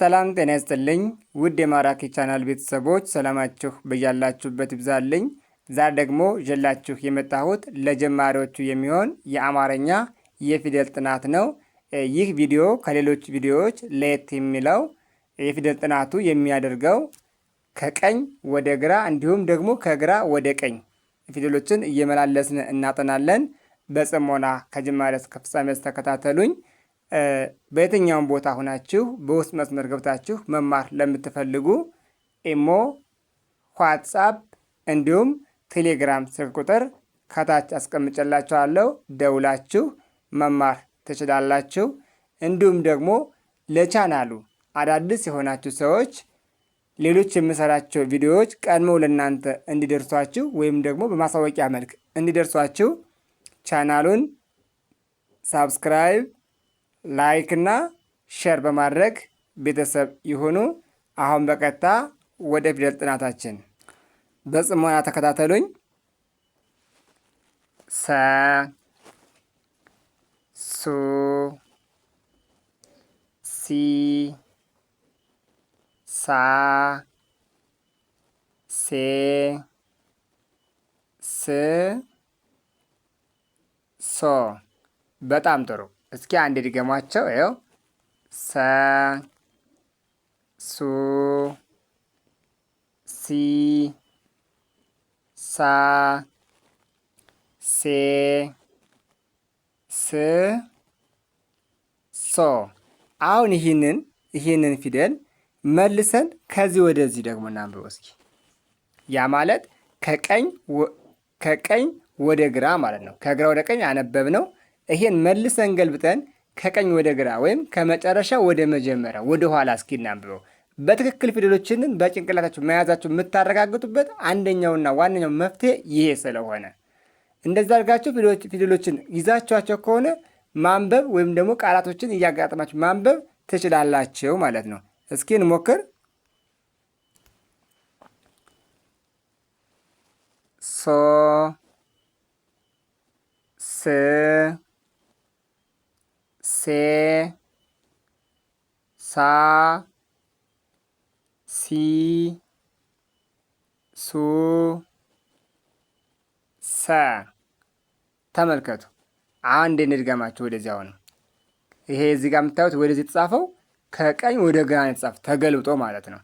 ሰላም ጤና ይስጥልኝ ውድ የማራኪ ቻናል ቤተሰቦች ሰላማችሁ በያላችሁበት ይብዛልኝ። ዛሬ ደግሞ ይዤላችሁ የመጣሁት ለጀማሪዎቹ የሚሆን የአማርኛ የፊደል ጥናት ነው። ይህ ቪዲዮ ከሌሎች ቪዲዮዎች ለየት የሚለው የፊደል ጥናቱ የሚያደርገው ከቀኝ ወደ ግራ እንዲሁም ደግሞ ከግራ ወደ ቀኝ ፊደሎችን እየመላለስን እናጠናለን። በጽሞና ከጅማሬ እስከ ፍጻሜ ተከታተሉኝ። በየትኛውም ቦታ ሁናችሁ በውስጥ መስመር ገብታችሁ መማር ለምትፈልጉ ኢሞ፣ ዋትሳፕ እንዲሁም ቴሌግራም ስልክ ቁጥር ከታች አስቀምጨላችኋለሁ። ደውላችሁ መማር ትችላላችሁ። እንዲሁም ደግሞ ለቻናሉ አዳዲስ የሆናችሁ ሰዎች ሌሎች የምሰራቸው ቪዲዮዎች ቀድመው ለእናንተ እንዲደርሷችሁ ወይም ደግሞ በማሳወቂያ መልክ እንዲደርሷችሁ ቻናሉን ሳብስክራይብ ላይክ እና ሼር በማድረግ ቤተሰብ ይሁኑ። አሁን በቀጥታ ወደ ፊደል ጥናታችን በጽሞና ተከታተሉኝ። ሰ ሱ ሲ ሳ ሴ ስ ሶ። በጣም ጥሩ። እስኪ አንድ ድገሟቸው። ይኸው ሰ ሱ ሲ ሳ ሴ ስ ሶ። አሁን ይህንን ይህንን ፊደል መልሰን ከዚህ ወደዚህ ደግሞ እናንብበው እስኪ። ያ ማለት ከቀኝ ከቀኝ ወደ ግራ ማለት ነው። ከግራ ወደ ቀኝ አነበብ ነው። ይሄን መልሰን ገልብጠን ከቀኝ ወደ ግራ ወይም ከመጨረሻ ወደ መጀመሪያ ወደ ኋላ እስኪ እናንብበው። በትክክል ፊደሎችንን በጭንቅላታችሁ መያዛችሁ የምታረጋግጡበት አንደኛውና ዋነኛው መፍትሄ ይሄ ስለሆነ እንደዚ አድርጋችሁ ፊደሎችን ይዛችኋቸው ከሆነ ማንበብ ወይም ደግሞ ቃላቶችን እያጋጠማችሁ ማንበብ ትችላላችሁ ማለት ነው። እስኪ እንሞክር። ሶ ስ ሴ ሳ ሲ ሱ ሰ። ተመልከቱ። አንድ እንድገማቸው ወደዚያ ሆነ። ይሄ እዚህ ጋር የምታዩት ወደዚህ የተጻፈው ከቀኝ ወደ ግራ የተጻፈ ተገልብጦ ማለት ነው።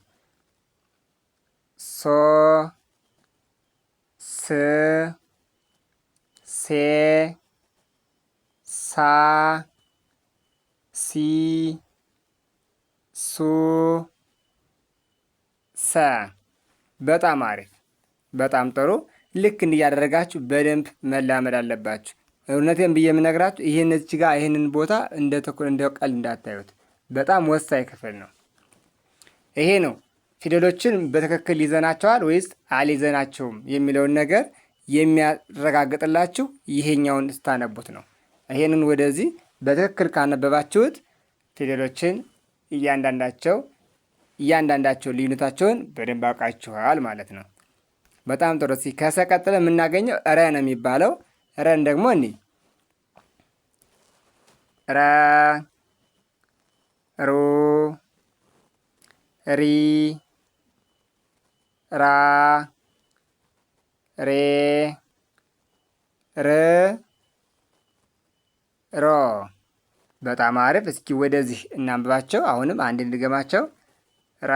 ሶ ስ ሴ ሳ ሲ ሶ ሰ በጣም አሪፍ በጣም ጥሩ። ልክ እንዲያደረጋችሁ በደንብ መላመድ አለባችሁ። እውነቴን ብዬ የምነግራችሁ ይህን እዚህ ጋር ይህንን ቦታ እንደ ተኩል እንደ ቀል እንዳታዩት፣ በጣም ወሳኝ ክፍል ነው። ይሄ ነው ፊደሎችን በትክክል ይዘናቸዋል ወይስ አልይዘናቸውም የሚለውን ነገር የሚያረጋግጥላችሁ ይሄኛውን ስታነቡት ነው። ይሄንን ወደዚህ በትክክል ካነበባችሁት ፊደሎችን እያንዳንዳቸው እያንዳንዳቸው ልዩነታቸውን በደንብ አውቃችኋል ማለት ነው። በጣም ጥሩ። ሲ ከሰ የምናገኘው ረ ነው የሚባለው። ረን ደግሞ እኒ ረ ሩ ሪ ራ ሬ ር ሮ በጣም አሪፍ። እስኪ ወደዚህ እናንብባቸው። አሁንም አንድ እንድገማቸው። ረ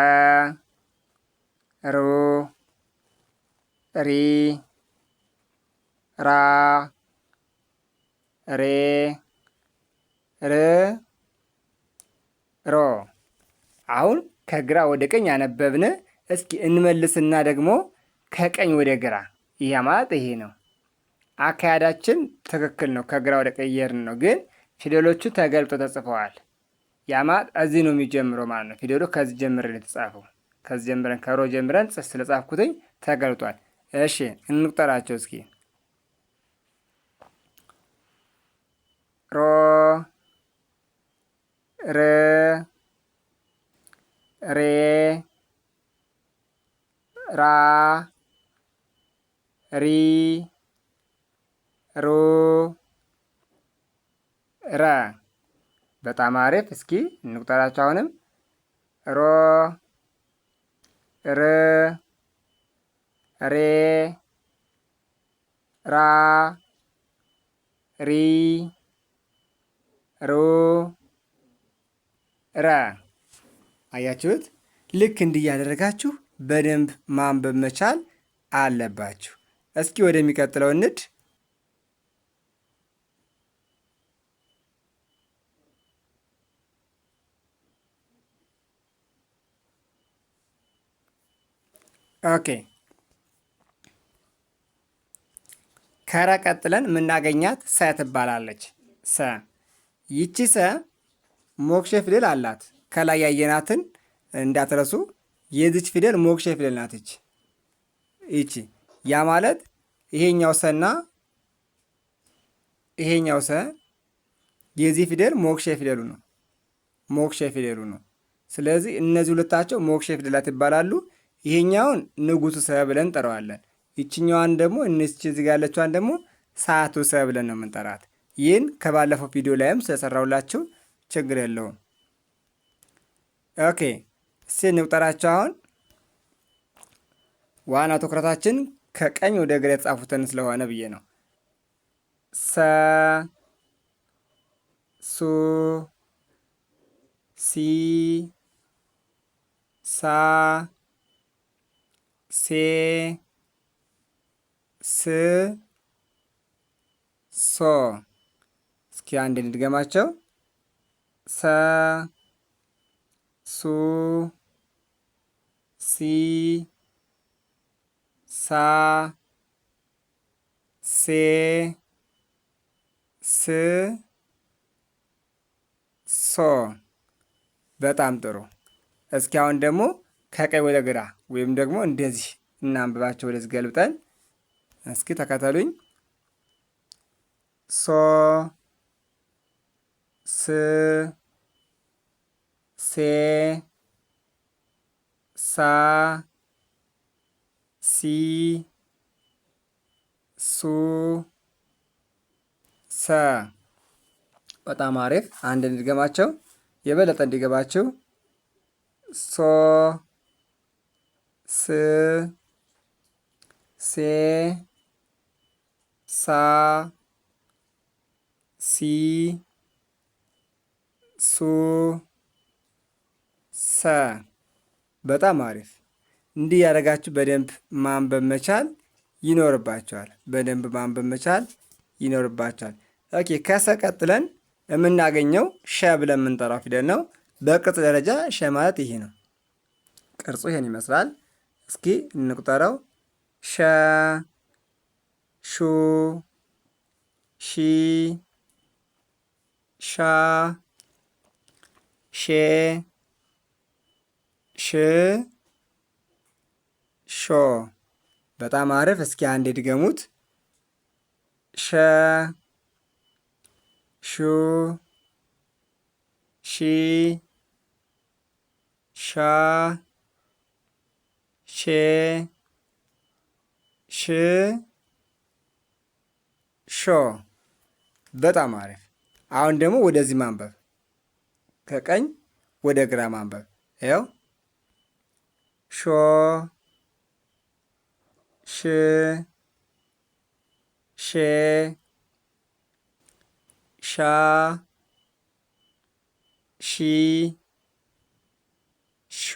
ሩ ሪ ራ ሬ ር ሮ። አሁን ከግራ ወደ ቀኝ ያነበብን፣ እስኪ እንመልስና ደግሞ ከቀኝ ወደ ግራ። ይህ ማለት ይሄ ነው። አካሄዳችን ትክክል ነው። ከግራ ወደ ቀየርን ነው፣ ግን ፊደሎቹ ተገልጦ ተጽፈዋል። ያማ እዚህ ነው የሚጀምረው ማለት ነው። ፊደሉ ከዚህ ጀምረን የተጻፈው ከዚህ ጀምረን ከሮ ጀምረን ስለጻፍኩትኝ ተገልጧል። እሺ እንቁጠራቸው እስኪ ሮ ር ሬ ራ ሪ ሮ ረ በጣም አሪፍ። እስኪ እንቁጠራቸው አሁንም ሮ ር ሬ ራ ሪ ሩ ረ አያችሁት? ልክ እንዲህ እያደረጋችሁ በደንብ ማንበብ መቻል አለባችሁ። እስኪ ወደሚቀጥለው እንድ ኦኬ ከረ ቀጥለን የምናገኛት ሰ ትባላለች። ሰ ይቺ ሰ ሞክሼ ፊደል አላት። ከላይ ያየናትን እንዳትረሱ። የዚች ፊደል ሞክሼ ፊደል ናት። ይቺ ይቺ ያ ማለት ይሄኛው ሰና ይሄኛው ሰ የዚህ ፊደል ሞክሼ ፊደሉ ነው። ሞክሼ ፊደሉ ነው። ስለዚህ እነዚህ ሁለታቸው ሞክሼ ፊደላት ይባላሉ። ይሄኛውን ንጉሱ ሰ ብለን እንጠራዋለን። ይችኛዋን ደግሞ እንስች እዚህ ጋ ያለችዋን ደግሞ ሰዓቱ ሰ ብለን ነው የምንጠራት። ይህን ከባለፈው ቪዲዮ ላይም ስለሰራውላችሁ ችግር የለውም። ኦኬ እስቲ እንቁጠራቸው። አሁን ዋና ትኩረታችን ከቀኝ ወደ ግራ የተጻፉትን ስለሆነ ብዬ ነው። ሰ ሱ ሲ ሳ ሴ ስ ሶ። እስኪ አንድ እንድገማቸው። ሰ ሱ ሲ ሳ ሴ ስ ሶ። በጣም ጥሩ። እስኪ አሁን ደግሞ ከቀኝ ወደ ግራ ወይም ደግሞ እንደዚህ እናንብባቸው ወደዚህ ገልብጠን። እስኪ ተከተሉኝ። ሶ ስ ሴ ሳ ሲ ሱ ሰ። በጣም አሪፍ። አንድ እንድገማቸው የበለጠ እንዲገባችሁ ሶ ስ ሴ ሳ ሲ ሱ ሰ። በጣም አሪፍ። እንዲህ ያደረጋችሁ በደንብ ማንበብ መቻል ይኖርባቸዋል። በደንብ ማንበብ መቻል ይኖርባቸዋል። ኦኬ። ከሰ ቀጥለን የምናገኘው ሸ ብለን የምንጠራው ፊደል ነው። በቅርጽ ደረጃ ሸ ማለት ይሄ ነው። ቅርጹ ይሄን ይመስላል። እስኪ እንቁጠረው። ሸ ሹ ሺ ሻ ሼ ሽ ሾ። በጣም አሪፍ። እስኪ አንድ ድገሙት። ሸ ሹ ሺ ሻ ሼ ሽ ሾ። በጣም አሪፍ። አሁን ደግሞ ወደዚህ ማንበብ ከቀኝ ወደ ግራ ማንበብ ያው ሾ ሽ ሼ ሻ ሺ ሹ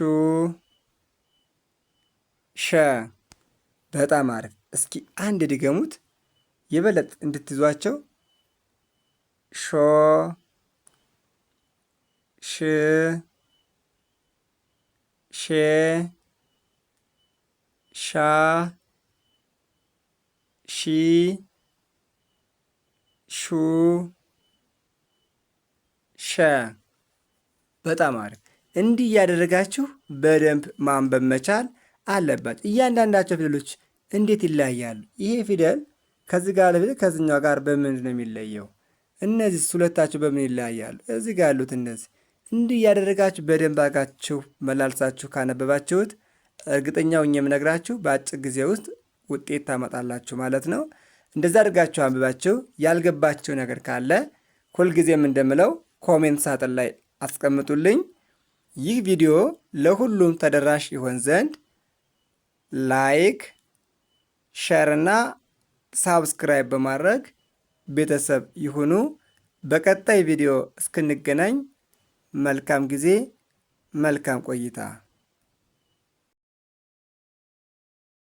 ሸ በጣም አሪፍ። እስኪ አንድ ድገሙት የበለጥ እንድትይዟቸው። ሾ ሽ ሼ ሻ ሺ ሹ ሸ በጣም አሪፍ። እንዲህ እያደረጋችሁ በደንብ ማንበብ መቻል አለባቸው። እያንዳንዳቸው ፊደሎች እንዴት ይለያያሉ? ይሄ ፊደል ከዚህ ጋር ለፊደል ከዚኛው ጋር በምንድን ነው የሚለየው? እነዚህ ሁለታቸው በምን ይለያያሉ? እዚህ ጋር ያሉት እነዚህ እንዲህ እያደረጋችሁ በደንብ አጋችሁ መላልሳችሁ ካነበባችሁት እርግጠኛው የምነግራችሁ በአጭር ጊዜ ውስጥ ውጤት ታመጣላችሁ ማለት ነው። እንደዛ አድርጋችሁ አንብባችሁ ያልገባችሁ ነገር ካለ ሁልጊዜም እንደምለው ኮሜንት ሳጥን ላይ አስቀምጡልኝ። ይህ ቪዲዮ ለሁሉም ተደራሽ ይሆን ዘንድ ላይክ፣ ሸር እና ሳብስክራይብ በማድረግ ቤተሰብ ይሁኑ። በቀጣይ ቪዲዮ እስክንገናኝ መልካም ጊዜ፣ መልካም ቆይታ